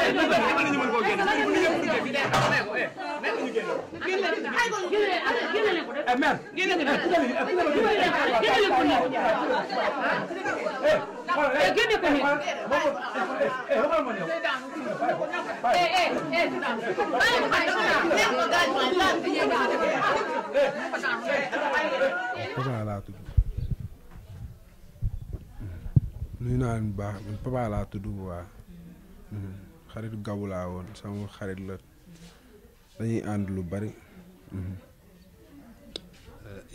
papa laa tudd nuyu naa leen bu baax man papa laa tudd bu baax xaritu gabu laa woon sama xarit la ànd lu bari. Euh,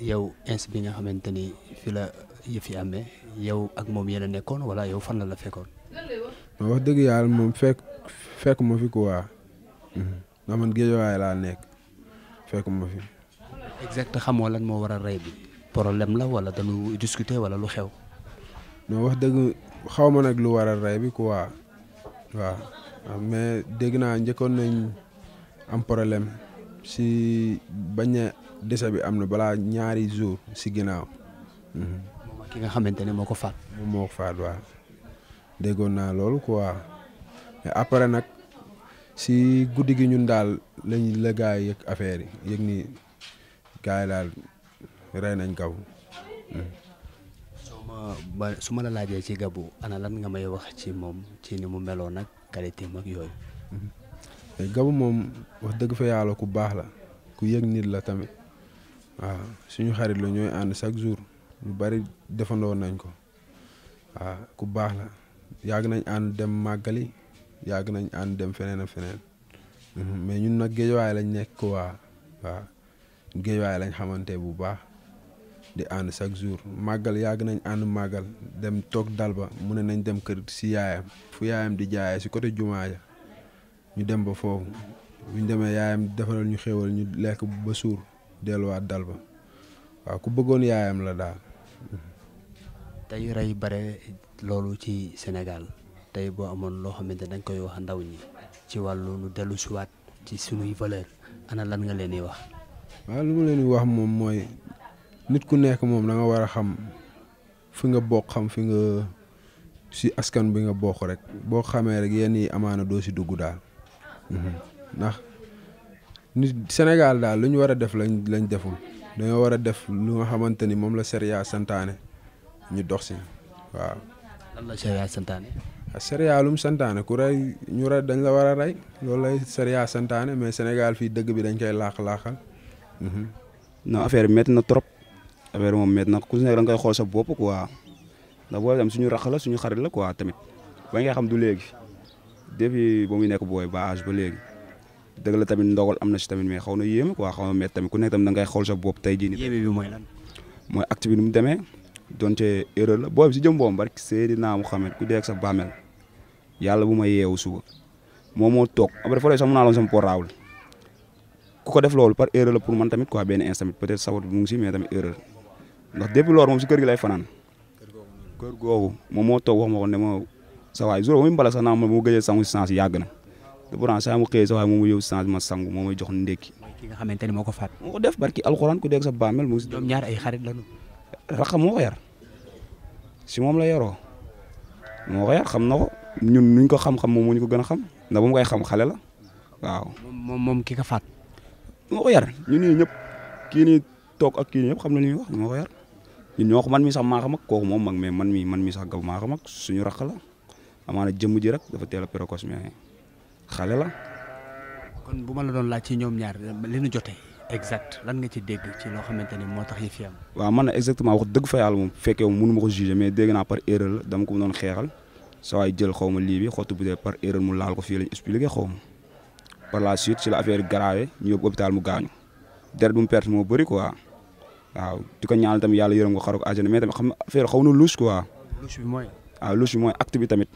yow ins bi nga xamante ni fi la yëf yow ak moom yéen a nekkoon wala yow fan la fekkoon. wax yàlla moom fekk fekk ma fi quoi. ndax nekk fekk ma lan moo war a rey bi problème la wala dañu discuter wala lu xew. non wax dëgg xaw ma nag lu war a rey bi quoi waaw. Ah, mais dégg naa njëkkoon nañ am problème si bañ a dese bi am na balaa ñaari jour si ginnaaw. Mhm. ki nga xamante ne moo ko faat. moom moo ko faat waaw déggoon naa loolu quoi mais après nag si guddi gi ñun daal lañ la gaa yi yëg affaire yi yëg ni gaa daal rey nañ kaw. Mhm. ma su ma la laajee ci gabu ana lan nga may wax ci moom ci ni mu meloon nag qualité mag yooyu. Mm-hmm. Gabou moom wax dëgg fa yàlla ku baax la ku yëg nit la tamit waaw suñu xarit la ñooy ànd chaque jour lu bari defandoo nañ ko waaw ku baax la yàgg nañ ànd dem màggali yàgg nañ ànd dem feneen a feneen mm-hmm. mais ñun nag géejawaay lañ nekk waa waaw géejawaay lañ xamante bu baax. di ànd chaque jour màggal yàgg nañ ànd màggal dem toog dal ba mu ne nañ dem kër si yaayam fu yaayam di jaayee si côté jumaa ja ñu dem ba foofu bu ñu demee yaayam defaral ñu xéewal ñu lekk ba suur delluwaat dal ba waa ku bëggoon yaayam la daal. tey rey bare loolu ci senegal tey boo amoon loo xamante dañ koy wax ndaw ñi ci wàllu nu dellu siwaat ci sunuy valeur ana lan nga leen wax. waaw lu ma leen wax moom mooy nit ku nekk moom da war a xam fi nga bokk xam fi nga si askan bi nga bokk rek boo xamee rek yenn yi amaana doo si dugg daal mhm. ndax nit Sénégal daal lu ñu war a def lañ lañ deful dañoo war a def lu nga xamante ni moom la Séria santaane ñu dox si waaw. lan la Séria santaane. Ah, Séria lum santaane ku rey ñu rey dañ la war a rey loolu lay Séria santaane mais Sénégal fii dëgg bi dañ koy laax laaxal. Mhm. non affaire bi métti na trop. affaire moom métti na ku si nekk da nga koy xool sa bopp quoi suñu rax la suñu xarit la quoi tamit ba nga xam du léegi depuis ba muy nekk booy ba âge ba léegi dëgg la tamit ndogal am na si tamit mais xaw na yéeme quoi xaw na métti tamit ku nekk tamit da ngay xool sa bop tey jii nii. yéeme mooy lan. mooy acte bi mu demee donte erreur la booy bi si jëm boom barki Seydina Muhammad ku dee sa bàmmeel yàlla bu ma yeewu suba moo toog après foofu sax mën naa loon sama portable def loolu par erreur la man tamit quoi benn instant peut-être sawat bu si mais tamit erreur. ndax depuis moom si kër gi lay fanaan kër googu moom moo toog wax ma ko ne moo sa waay jour mu gëjee sangu si sens yàgg na te mu xëyee sa waay moom mu yóbbu si ma sangu moo may jox ndékki ki nga xamante ni moo ko faat moo ko def barki alxuraan ku dégg sa bàmmeel mu si doom ñaar ay xarit lañu raxam moom la yaroo moo ko yar xam na ko ñun nuñ ko xam moom mu ñu ko gën a xam ndax bu mu koy xam xale la waaw moom moom ki ko faat moo ko yar ñun ñii ñëpp kii nii toog ak kii nii ñëpp xam na li ñuy wax moo ko yar ñu ñoo ko man mi sax maa ko mag kooku moom mag mais man mi man mi sax gaw maa ko mag suñu raq la amaana jëmm ji rek dafa teel a précoce mais xale la. kon bu ma la doon laaj ci ñoom ñaar li ñu jotee. exact lan nga ci dégg ci loo xamante ni moo tax yi fi am. waa man na exactement wax dëgg fa yàlla moom fekkee mënu ma ko jugé mais dégg naa par erreur la dama ko doon xeexal sa waay jël xaw ma lii bi xottu bu dee par erreur mu laal ko fii lañ expliqué xaw ma par la suite ci la affaire grave ñu yóbbu hôpital mu gaañu deret bu mu perte moo bëri quoi. waaw di ko ñaanal tamit yàlla yërëm ko xaru ko àjjana mais tamit xam na affaire xaw na louche quoi. louche bi mooy. waaw ah, louche bi mooy acte tamit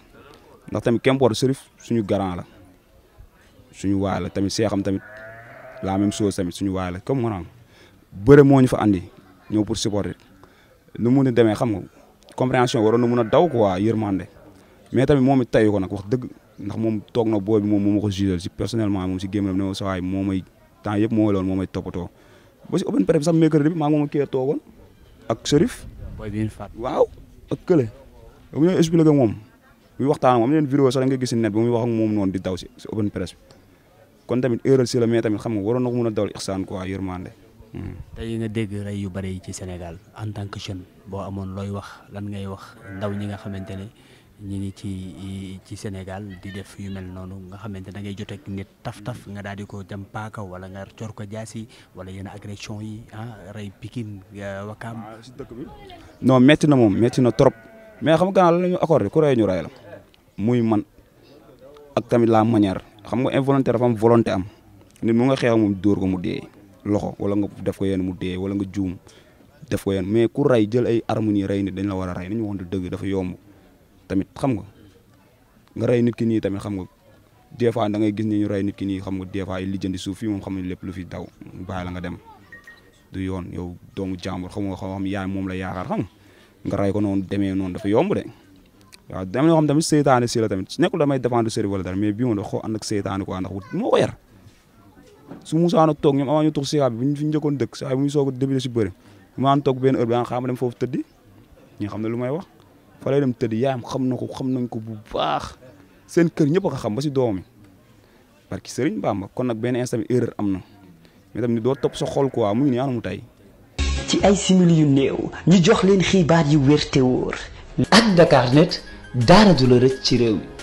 ndax tamit qu'importe Serif suñu garant la suñu waay la tamit seexam tamit la même chose tamit suñu waay la comme maanaam bëre moo ñu fa andi ñëw pour supporter nu mu mën a demee xam nga compréhension waroon na mun a daw quoi yërmande mais tamit moom it tayu ko nag wax dëgg ndax moom toog na booy bi moom moo ma ko jugé si personnellement moom si gémmiñam ne ma saa moo may temps yëpp moo loon moo may ba si open press sax mercredi bi maa ngi moom kii ak Serif. waaw ak Kële. bu ñu expliqué moom muy waxtaan moom am leen vidéo sax da nga gis si net muy wax moom noonu di daw si si open press bi kon tamit erreur si la mais tamit xam nga waroon na ko mën a dawal ixsaan quoi yërmande. Hmm. tey nga dégg rey yu bëri yi ci Sénégal en tant que jeune boo amoon looy wax lan ngay wax ndaw ñi nga xamante ni ñu ngi ci ci Sénégal di def yu mel noonu nga xamante da ngay jot ak nit taf-taf nga daal di ko jam paaka wala nga cor ko jaasi wala yenn agression yi ah rey Pikine euh, Wakaam. Ah, non métti na moom metti na trop mais xam nga la ñu accordé ku ñu rey la muy man ak tamit la manière xam nga involontaire dafa am volonté am nit mu nga xeex moom dóor ko mu dee loxo wala nga def ko yenn mu dee wala nga juum def ko yenn mais ku rey jël ay harmonie rey nit dañ la war a rey nañu waxante dëgg dafa yomb. tamit xam nga nga rey nit ki nii tamit xam nga des fois da ngay gis ni ñu rey nit ki nii xam nga des fois ay lijjanti suuf fii moom xam ne lépp lu fi daw bàyyi la nga dem du yoon yow doomu jàmbur xam nga xam yaay moom la yaakaar xam nga rey ko noonu demee noonu dafa yomb de waaw dama ñoo tamit seytaane si la tamit nekkul damay défendre seri wala dara mais bii moom dafa xoo ànd ak seytaane quoi ndax moo ko yar su Moussa nag toog ñoom avant ñu tux sikaa bi bu ñu fi si bëri maan toog benn heure ah, dem foofu tëddi ñu xam ne lu may wax fa lay dem tëdd yaayam xam na ko xam nañ ko bu baax seen kër ñëpp a ko xam ba si doom parce que Serigne Bamba kon nag benn instant erreur am na mais tamit doo topp sa xol quoi mu ngi nii anamu tey. ci ay simili yu néew ñu jox leen xibaar yu wér te wóor. ak Dakarnet dara du la rëcc ci réew mi.